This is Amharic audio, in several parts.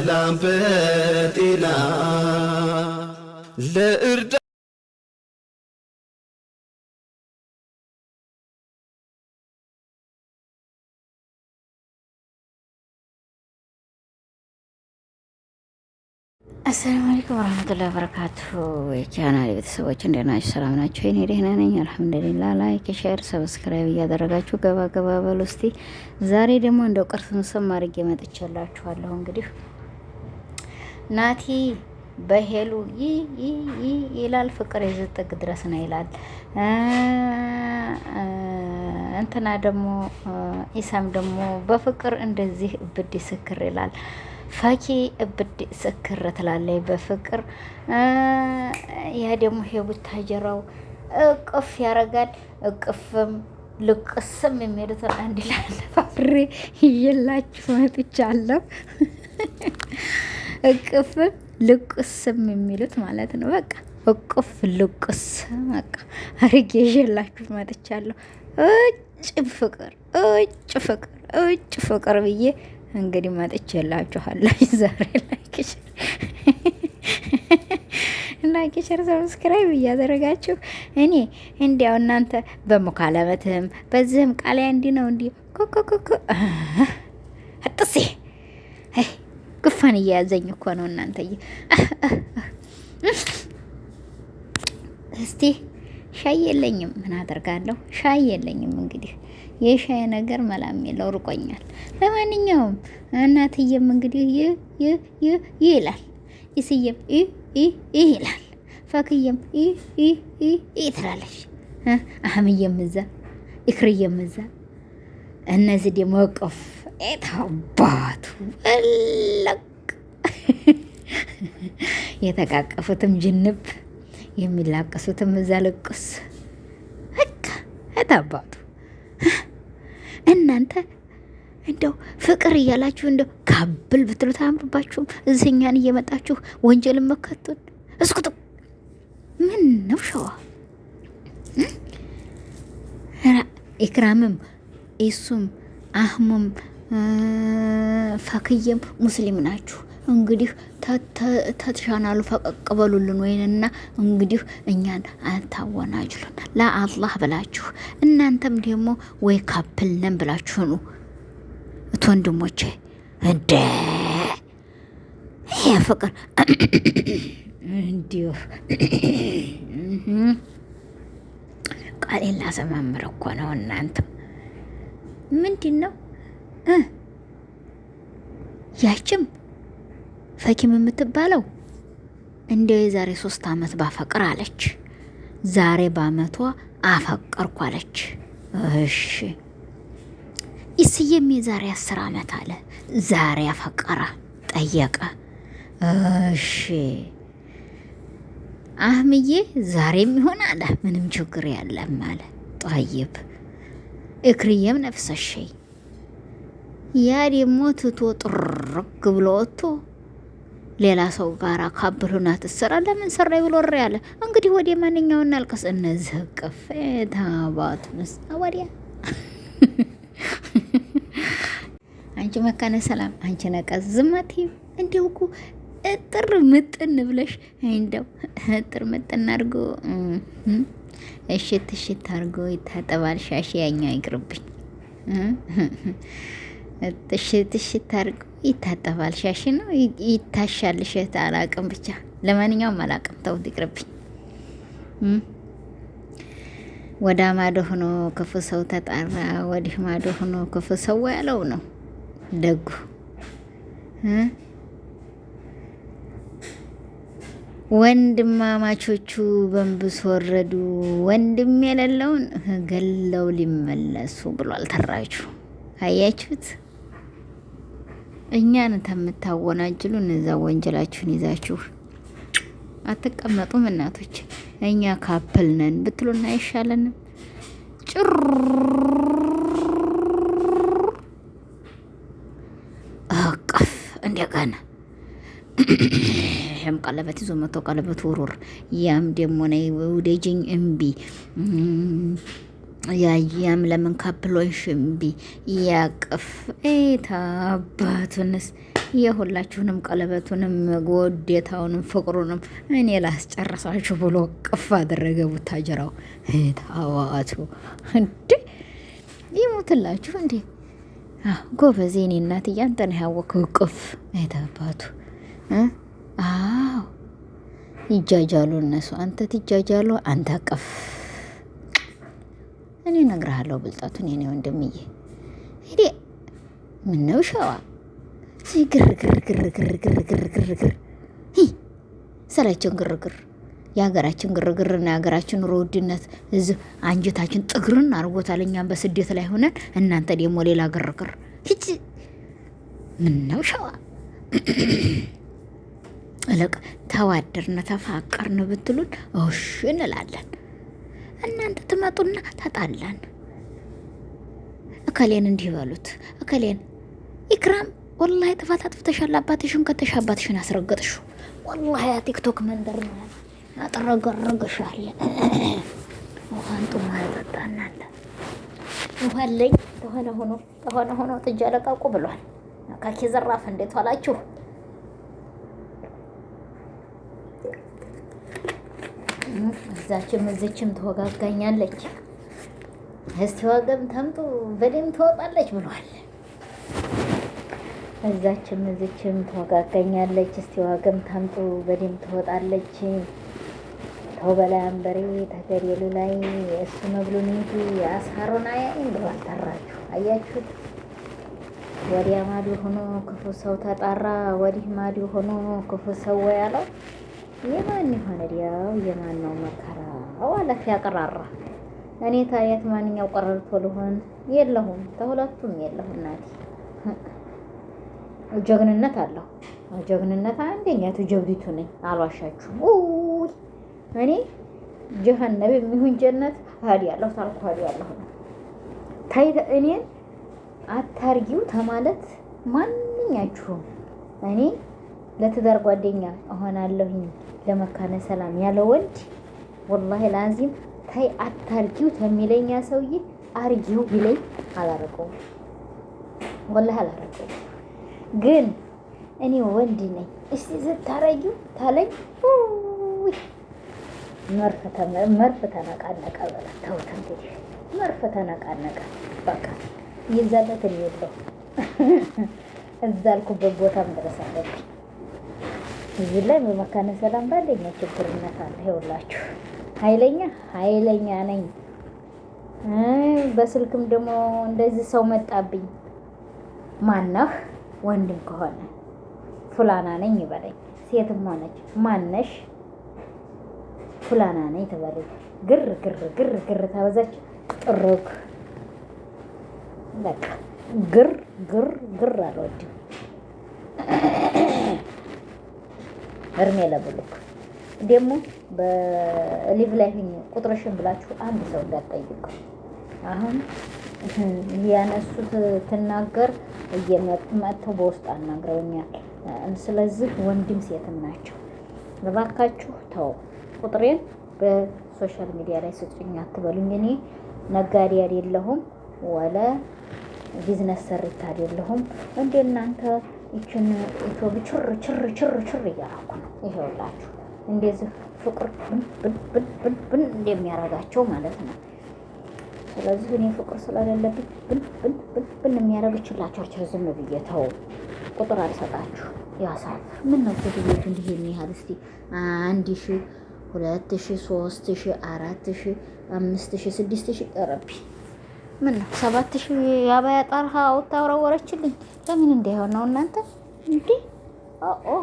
በሰላም በጤና ለእርዳ አሰላሙ አለይኩም ወራህመቱላሂ ወበረካቱ። የቻናል ቤተሰቦች እንዴት ናችሁ? ሰላም ናችሁ? እኔ ደህና ነኝ አልሐምዱሊላህ። ላይክ፣ ሼር፣ ሰብስክራይብ እያደረጋችሁ ገባ ገባ በሉ እስቲ። ዛሬ ደግሞ እንደው ቅርስ ምስም አድርጌ መጥቼላችኋለሁ እንግዲህ ናቲ በሄሉ ይላል ፍቅር የዘጠግ ድረስ ነው ይላል። እንትና ደግሞ ኢሳም ደግሞ በፍቅር እንደዚህ እብድ ስክር ይላል። ፈኪ እብድ ስክር ትላለች በፍቅር ያ ደግሞ የቡታጀራው እቅፍ ያረጋል። እቅፍም ልቅስም የሚሄዱትን አንድ ላለፋፍሬ እየላችሁ መጥቻለሁ። እቅፍ ልቁስም የሚሉት ማለት ነው። በቃ እቁፍ ልቁስ በቃ አርጌ ይዤላችሁ መጥቻለሁ። እጭ ፍቅር እጭ ፍቅር እጭ ፍቅር ብዬ እንግዲህ መጥቼላችኋለሁ ዛሬ ላይክ ላይክ ሸር ሰብስክራይብ እያደረጋችሁ እኔ እንዲያው እናንተ በመካለመትህም በዚህም ቃል እንዲ ነው እንዲ ኮኮኮኮ አጥሴ ጉፋን እየያዘኝ እኮ ነው እናንተዬ። እስቲ ሻይ የለኝም ምን አደርጋለሁ? ሻይ የለኝም እንግዲህ የሻይ ነገር መላም የለው ርቆኛል። ለማንኛውም እናትዬም እንግዲህ ይህ ይህ ይህ ይህ ይላል፣ ይስየም ይ ይ ይላል፣ ፈክየም ይ ይ ትላለች። አህምዬም እዛ ይክርዬም እዛ እነዚህ ደግሞ እቅፍ የታባቱ በለቅ የተቃቀፉትም ጅንብ የሚላቀሱትም እዛ ልቁስ በቃ የታባቱ እናንተ እንደው ፍቅር እያላችሁ እንደው ካብል ብትሉ ታምርባችሁም እዚህኛን እየመጣችሁ ወንጀል መከቱን እስኩቱ ምን ነው ሸዋ ኢክራምም ኢሱም አህሙም ፈክየም ሙስሊም ናችሁ እንግዲህ ተትሻናሉ ፈቀቅ በሉልን ወይንና እንግዲህ እኛን አታወናጅሉን ለአላህ ብላችሁ እናንተም ደግሞ ወይ ካፕል ነን ብላችሁ ኑ እት ወንድሞቼ እንደ ይሄ ፍቅር እንዲሁ ቃሌን ላሰማምር እኮ ነው። እናንተ ምንድን ነው ያችም ፈኪም የምትባለው እንደ የዛሬ ሶስት አመት ባፈቅር አለች። ዛሬ በአመቷ አፈቀርኩ አለች። እሺ እስዬም የዛሬ አስር አመት አለ ዛሬ አፈቀራ ጠየቀ። እሺ አህምዬ ዛሬም ይሆን አለ ምንም ችግር ያለም አለ። ጠይብ እክርየም ነፍሰሸይ ያ ደግሞ ትቶ ጥርግ ብሎ ወጥቶ ሌላ ሰው ጋር ካብሉና ትሰራ ለምን ሰራይ ብሎ ር ያለ እንግዲህ ወደ ማንኛው እናልቀስ። እነዚህ እቅፍ ታባት ምስ ወዲያ አንቺ መካነ ሰላም አንቺ ነቀዝ ዝማት እንዲሁ እኮ እጥር ምጥን ብለሽ እንደው እጥር ምጥን አድርጎ እሽት እሽት አድርጎ ይታጠባል ሻሽ ያኛው ይቅርብኝ። ጥሽ ጥሽ ታርቅ ይታጠባል። ሻሽ ነው ይታሻል። ሸት አላቅም፣ ብቻ ለማንኛውም አላቅም። ተውት ይቅርብኝ። ወዳ ማዶ ሆኖ ክፉ ሰው ተጣራ፣ ወዲህ ማዶ ሆኖ ክፉ ሰው ያለው ነው ደጉ ወንድማማቾቹ በንብስ ወረዱ፣ ወንድም የሌለውን ገለው ሊመለሱ ብሏል ተራችሁ። አያችሁት? እኛን ተምታወናጅሉ እነዛ ወንጀላችሁን ይዛችሁ አትቀመጡም። እናቶች እኛ ካፕል ነን ብትሉና አይሻለንም? ጭር አቀፍ እንደገና ይሄም ቀለበት ይዞ መጥቶ ቀለበት ውሩር ያም ደግሞ ነይ ውደጅኝ እምቢ ያየም ለምን ካፕሎን ሽምቢ ያቅፍ ኤታ የሁላችሁንም ቀለበቱንም ጎዴታውንም ፍቅሩንም እኔ ላስጨርሳችሁ ብሎ ቅፍ አደረገ። ቡታጀራው ታዋቱ እንዴ ይሞትላችሁ እንዴ ጎበዜ። እኔ እናት እያንተን ያወቅው ቅፍ ታባቱ። አዎ ይጃጃሉ እነሱ። አንተ ትጃጃሉ አንተ ቅፍ እኔ እነግርሃለሁ ብልጣቱን የኔ ወንድምዬ። ሄዴ ምነው ሸዋ ግርግርግርግርግርግርግርግር ሰላችን ግርግር የሀገራችን ግርግርና የሀገራችን ኑሮ ውድነት እዚህ አንጀታችን ጥግርን አድርጎታል። እኛም በስደት ላይ ሆነን እናንተ ደግሞ ሌላ ግርግር ሂጂ። ነው ሸዋ እለቅ ተዋደርን ተፋቀርን ብትሉን እሺ እንላለን። እናንተ ትመጡና ተጣላን፣ እከሌን እንዲህ በሉት፣ እከሌን ኢክራም ወላሂ ጥፋት አጥፍተሻል። አባትሽን ከተሽ አባትሽን አስረገጥሹ። ወላሂ ያ ቲክቶክ መንደር ነው ያጠረገረገሻል። ውሃን ጡማ ያጠጣናለ ውሃን ላይ ተሆነ ሆኖ ተሆነ ሆኖ ትጃለቃቁ ብሏል። ካኪ ዘራፍ እንዴት ዋላችሁ? እዛችም እዚችም ትወጋጋኛለች እስቲ ዋገም ተምጡ በደም ትወጣለች ብሏል። እዛችም እዚችም ትወጋጋኛለች እስቲ ዋገም ተምጡ በደም ትወጣለች። ተው በላይ አንበሬ ተገደሉ ላይ እሱ መብሉን እንጂ አሳሩን አያይ ብሏል አልጠራችሁ። አያችሁት? ወዲያ ማዲ ሆኖ ክፉ ሰው ተጣራ፣ ወዲህ ማዲ ሆኖ ክፉ ሰው ያለው የማን ይሆን ዲያው የማን ነው መከራ አላት ያቀራራ እኔ ታየት ማንኛው ቀረርቶ ልሆን የለሁም ተሁለቱም የለሁም ናት ጀግንነት አለሁ ጀግንነት አንደኛ ጀብዲቱ ነኝ አልዋሻችሁም ውይ እኔ ጀሀነብ የሚሆን ጀነት ሀዲ ያለሁ ታልኩ ሀዲ ያለሁ ታይተ እኔን አታርጊው ተማለት ማንኛችሁም እኔ ለትዳር ጓደኛ እሆናለሁኝ ለመካነ ሰላም ያለ ወንድ ወላሂ ላዚም ታይ አታርጊው ተሚለኛ ሰውዬ አርጊው ቢለኝ አላረቀውም፣ ወላሂ አላረቀውም። ግን እኔ ወንድ ነኝ እስቲ ስታረጊው ታለኝ መርፍ ተነቃነቀ በላ ተውት። እንግዲህ መርፍ ተነቃነቀ በቃ ይዛለት እኔ አልኩበት ቦታም ድረስ አለብኝ። እዚህ ላይ በመካነ ሰላም ባለኛ ችግርነት አለ። ይኸውላችሁ ኃይለኛ ኃይለኛ ነኝ። በስልክም ደግሞ እንደዚህ ሰው መጣብኝ፣ ማነህ ወንድም ከሆነ ፉላና ነኝ ይበለኝ፣ ሴትም ሆነች ማነሽ ፉላና ነኝ ትበለኝ። ግር ግር ግር ግር ታበዛች ጥሩክ በቃ ግር ግር ግር አልወድም። እርሜ ለብሉክ ደግሞ በሊቭ ላይ ሁኝ ቁጥርሽን ብላችሁ አንድ ሰው እንዳትጠይቁ። አሁን ያነሱት ትናገር እየመጥተው በውስጥ አናግረውኛል። ስለዚህ ወንድም ሴትም ናቸው። እባካችሁ ተው፣ ቁጥሬን በሶሻል ሚዲያ ላይ ስጭኝ አትበሉኝ። እኔ ነጋዴ አይደለሁም፣ ወለ ቢዝነስ ሰሪት አይደለሁም እናንተ ይችን ኢትዮብ ችር ችር ችር ችር እያረኩ ነው። ይሄውላችሁ እንደዚህ ፍቅር ብን ብን ብን ብን እንደሚያረጋቸው ማለት ነው። ስለዚህ እኔ ፍቅር ስለሌለብኝ ብን ብን ብን ብን የሚያረግችላቸው ችር ዝም ብዬ ተው ቁጥር አልሰጣችሁ ያሳል ምን ነው ሴትዮቱ እንዲህ የሚያህል እስቲ አንድ ሺ ሁለት ሺ ሶስት ሺ አራት ሺ አምስት ሺ ስድስት ሺ ረቢ ምን ነው ሰባት ሺህ የአባያ ጣርሃ አውጥታ አወረወረችልኝ። ለምን እንዳይሆን ነው እናንተ እንዴ? ኦ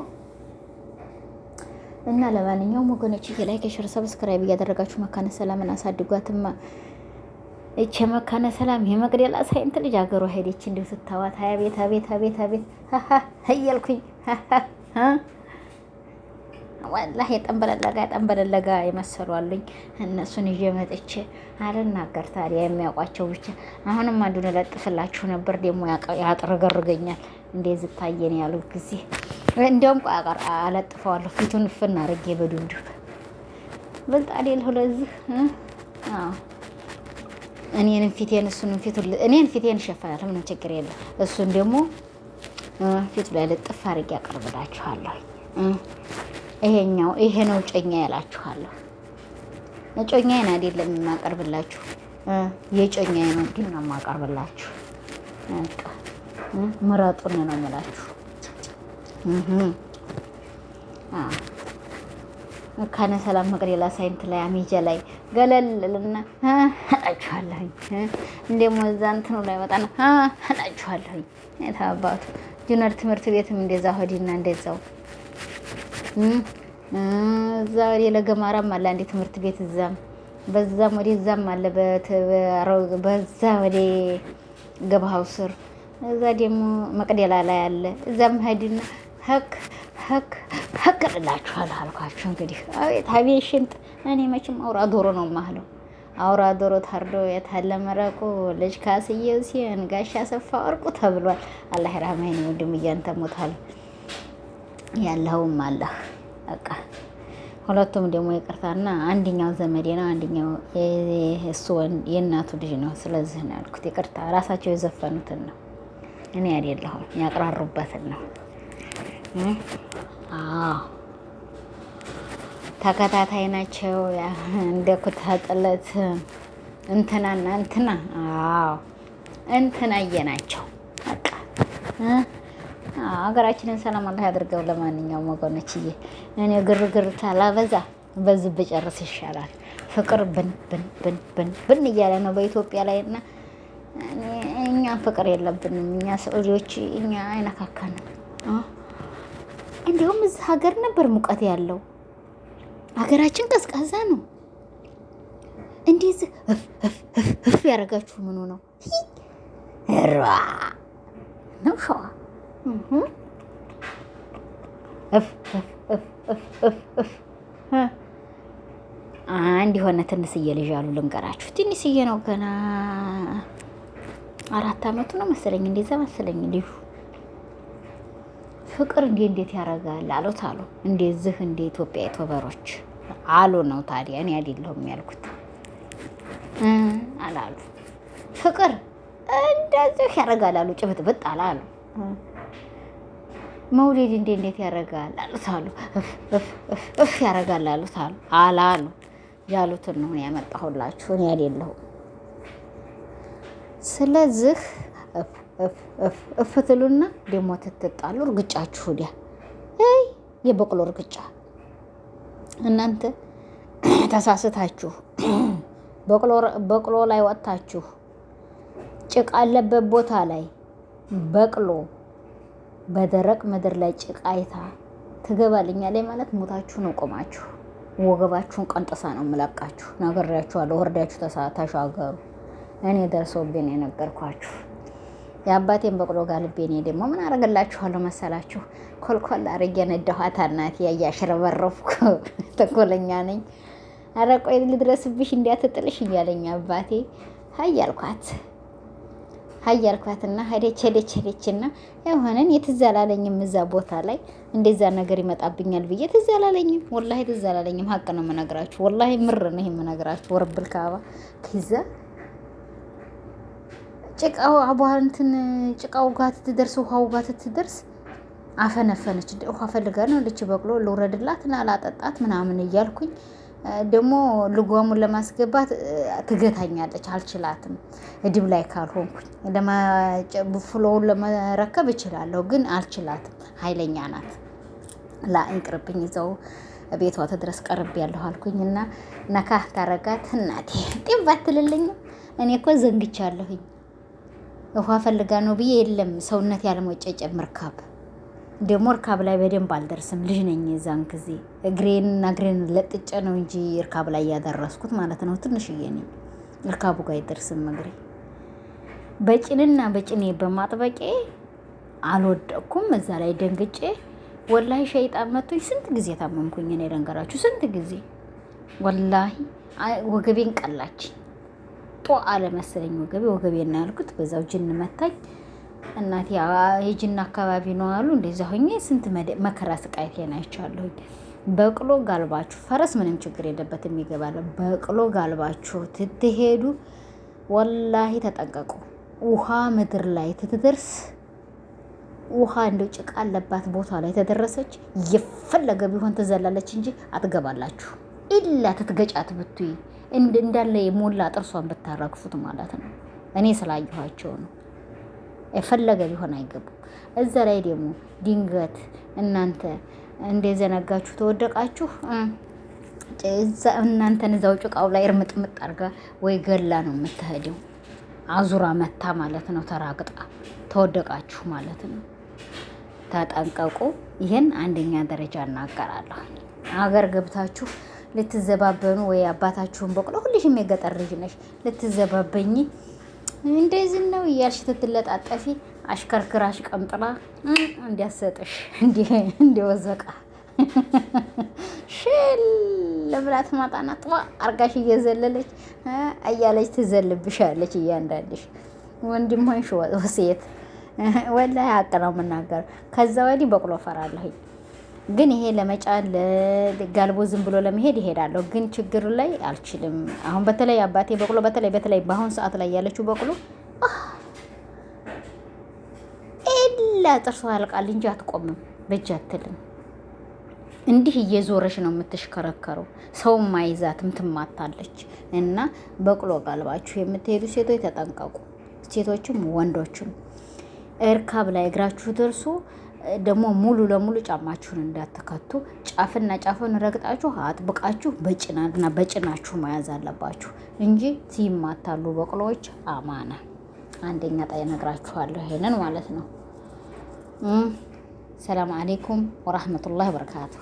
እና ለማንኛውም ወገኖች ላይክ፣ ሼር፣ ሰብስክራይብ እያደረጋችሁ መካነ ሰላምን አሳድጓትማ። እቺ መካነ ሰላም የመግደላ ሳይንት ልጅ አገሯ ሄደች። እንዲሁ ስታዋት ሀያ ቤት ቤት አቤት አቤት እያልኩኝ ወላሂ የጠንበለለጋ የጠንበለለጋ የመሰሉ አሉኝ። እነሱን ይዤ መጥቼ አልናገር ታዲያ የሚያውቋቸው ብቻ። አሁንም አንዱን እለጥፍላችሁ ነበር ደግሞ ያጥረገርገኛል። እንዴት ዝታየን ያሉ ጊዜ እንዲያውም ቋቀር አለጥፈዋለሁ። ፊቱን ፍን አድርጌ በዱብዱብ ብልጣዴ ለሁለዚህ እኔንም ፊቴን እሱንም ፊቱን እኔን ፊቴን እሸፍናለሁ። ምንም ችግር የለም። እሱን ደግሞ ፊቱ ላይ ልጥፍ አድርጌ አቀርብላችኋለሁ። ይሄኛው ይሄ ነው ጮኛ ያላችኋለሁ። ጮኛዬን አይደለም የማቀርብላችሁ የጮኛዬን ግን ነው የማቀርብላችሁ። ምረጡን ነው የምላችሁ። መካነ ሰላም መቅደላ ሳይንት ላይ አሚጀ ላይ ገለልልና እላችኋለሁኝ። እንደሞ እዛ እንትኑ ላይ መጣና እላችኋለሁኝ። ታባቱ ጁነር ትምህርት ቤትም እንደዛ ሆዲና እንደዛው እዛ ለገማራም አለ አንዴ ትምህርት ቤት እዛም በዛም ወደ እዛም አለ በዛ ወደ ገብሃው ስር እዛ ደግሞ መቅደላ ላይ አለ። እዛም ሄድና ሀክ ሀክ ሀክ እላችኋል አልኳችሁ። እንግዲህ አቤት አቤት ሽንጥ እኔ መቼም አውራ ዶሮ ነው ማህለው አውራ ዶሮ ታርዶ የታለ መረቁ ልጅ ካስዬ ሲን ጋሻ ሰፋ ወርቁ ተብሏል። አላህ ራህማ ወንድም እያንተ ሞታል። ያለኸውም አለ በቃ ሁለቱም ደግሞ ይቅርታና አንድኛው ዘመዴ ነው፣ አንድኛው እሱ የእናቱ ልጅ ነው። ስለዚህ ነው ያልኩት። ይቅርታ ራሳቸው የዘፈኑትን ነው፣ እኔ አይደለሁም ያቅራሩበትን ነው። ተከታታይ ናቸው። እንደ ኩታጥለት እንትናና እንትና፣ አዎ እንትናዬ ናቸው በቃ ሀገራችንን ሰላም አላህ ያድርገው። ለማንኛውም ወገኖችዬ እኔ ግርግር ታላበዛ በዚ ብጨርስ ይሻላል። ፍቅር ብን ብን ብን ብን ብን እያለ ነው በኢትዮጵያ ላይ እና እኛም ፍቅር የለብንም እኛ ሰዎች እኛ አይነካካንም። እንዲሁም እዚህ ሀገር ነበር ሙቀት ያለው ሀገራችን ቀዝቃዛ ነው። እንዴት እፍ እፍ እፍ ያደረጋችሁ ምኑ ነው ነው ሸዋ አንድ የሆነ ትንስዬ ልጅ አሉ ልንገራችሁ። ትንስዬ ነው ገና አራት አመቱ ነው መሰለኝ፣ እንደዛ መሰለኝ ልጁ ፍቅር እንዴ እንዴት ያደርጋል አሉት አሉ እንደዚህ እንደ ኢትዮጵያ የቶበሮች አሉ ነው ታዲያ እኔ አይደለሁም ያልኩት አላሉ። ፍቅር እንደዚህ ያደርጋል አሉ ጭብጥብጥ አላሉ። መውደድ እንዴ እንዴት ያደርጋል አሉት አሉ እፍ ያደርጋል አሉት አሉ አላ ያሉትን ነው ያመጣሁላችሁ እኔ አይደለሁም። ስለዚህ እፍ ትሉና ደግሞ ትትጣሉ እርግጫችሁ ዲያ ይ የበቅሎ እርግጫ እናንተ ተሳስታችሁ በቅሎ ላይ ወጥታችሁ ጭቃ አለበት ቦታ ላይ በቅሎ በደረቅ ምድር ላይ ጭቃይታ ትገባልኛ ላይ ማለት ሞታችሁ ነው ቆማችሁ ወገባችሁን ቀንጥሳ ነው የምላቃችሁ። ነግሬያችኋለሁ። ወርዳችሁ ተሻገሩ። እኔ ደርሶብን የነገርኳችሁ የአባቴን በቅሎ ጋልቤ። እኔ ደግሞ ምን አደርግላችኋለሁ መሰላችሁ? ኮልኮል አድርጌ ነዳኋት። እናቴ እያሽረበረፍኩ ተኮለኛ ነኝ። ኧረ ቆይ ልድረስብሽ እንዳትጥልሽ እያለኝ አባቴ ሀያልኳት። ሀያልኳትና ሄደች ሄደች ሄደችና የሆነን የትዝ አላለኝም። እዛ ቦታ ላይ እንደዛ ነገር ይመጣብኛል ብዬ ትዝ ወላ ትዘላለኝም። ሀቅ ነው የምነግራችሁ። ወላ ምር ነው ይሄ የምነግራችሁ። ወረብል ካባ ከዛ ጭቃው አቧንትን ጭቃው ጋር ትትደርስ ውሃው ጋር ትትደርስ አፈነፈነች። ውሃ ፈልጋ ነው ልች በቅሎ ልውረድላት እና ላጠጣት ምናምን እያልኩኝ ደግሞ ልጓሙን ለማስገባት ትገታኛለች፣ አልችላትም። እድብ ላይ ካልሆንኩኝ ፍሎውን ለመረከብ እችላለሁ፣ ግን አልችላትም። ኃይለኛ ናት። ላእንቅርብኝ እንቅርብኝ ቤቷ ተድረስ ቀርብ ያለሁ አልኩኝ እና ነካ ታረጋት እናቴ ጤባ ትልልኝም። እኔ እኮ ዘንግቻለሁኝ ውሃ ፈልጋ ነው ብዬ የለም ሰውነት ያለመጨጨ ምርካብ ደግሞ እርካብ ላይ በደንብ አልደርስም፣ ልጅ ነኝ። የዛን ጊዜ እግሬንና እግሬን ለጥጨ ነው እንጂ እርካብ ላይ እያደረስኩት ማለት ነው። ትንሽዬ ነኝ፣ እርካቡ ጋር አይደርስም እግሬ። በጭንና በጭኔ በማጥበቄ አልወደቅኩም። እዛ ላይ ደንግጬ ወላሂ ሸይጣን መቶኝ ስንት ጊዜ ታመምኩኝ። ነው የደንገራችሁ? ስንት ጊዜ ወላሂ ወገቤን ቀላች ጦ አለመሰለኝ ወገቤ ወገቤ ና ያልኩት በዛው ጅን መታኝ። እናቴ የጅና አካባቢ ነው አሉ። እንደዛ ሆኜ ስንት መከራ ስቃይቴን አይቻለሁኝ። በቅሎ ጋልባችሁ ፈረስ ምንም ችግር የለበት የሚገባለ በቅሎ ጋልባችሁ ትትሄዱ ወላሂ ተጠንቀቁ። ውሃ ምድር ላይ ትትደርስ ውሃ እንደው ጭቃ አለባት ቦታ ላይ ተደረሰች የፈለገ ቢሆን ትዘላለች እንጂ አትገባላችሁ። ኢላ ትትገጫት ብትይ እንዳለ የሞላ ጥርሷን ብታረግፉት ማለት ነው። እኔ ስላየኋቸው ነው። የፈለገ ቢሆን አይገቡም። እዛ ላይ ደግሞ ድንገት እናንተ እንደዘነጋችሁ ተወደቃችሁ እናንተን እዛው ጭቃው ላይ እርምጥምጥ አድርጋ ወይ ገላ ነው የምትሄደው። አዙራ መታ ማለት ነው። ተራግጣ ተወደቃችሁ ማለት ነው። ተጠንቀቁ። ይህን አንደኛ ደረጃ እናገራለሁ። አገር ገብታችሁ ልትዘባበኑ ወይ አባታችሁን በቁሎ ሁልሽም የገጠር ልጅ ነሽ ልትዘባበኝ እንደዚህ ነው እያልሽ ትትለጣጠፊ አሽከርክራሽ ቀምጥላ እንዲያሰጥሽ እንዲወዘቃ ሽል ብላ ትመጣና ጥዋ አርጋሽ እየዘለለች እያለች ትዘልብሻለች። እያንዳንድሽ ወንድም ሆንሽ ወሴት ወላሂ ሀቅ ነው የምናገር። ከዛ ወዲህ በቅሎ ፈራለሁኝ። ግን ይሄ ለመጫን ጋልቦ ዝም ብሎ ለመሄድ ይሄዳለሁ፣ ግን ችግሩ ላይ አልችልም። አሁን በተለይ አባቴ በቅሎ በተለይ በተለይ በአሁን ሰዓት ላይ ያለችው በቅሎ ኤላ ጥርሶ ያልቃል እንጂ አትቆምም፣ በእጅ አትልም። እንዲህ እየዞረች ነው የምትሽከረከረው፣ ሰው አይዛትም፣ ትማታለች። እና በቅሎ ጋልባችሁ የምትሄዱ ሴቶች ተጠንቀቁ፣ ሴቶችም ወንዶችም እርካብ ላይ እግራችሁ ደርሶ ደግሞ ሙሉ ለሙሉ ጫማችሁን እንዳትከቱ ጫፍና ጫፍን ረግጣችሁ አጥብቃችሁ በጭናና በጭናችሁ መያዝ አለባችሁ እንጂ ሲማታሉ በቅሎዎች አማና አንደኛ ጣይ ነግራችኋለሁ። ይሄንን ማለት ነው። ሰላም አሌይኩም ወራህመቱላህ በረካቱ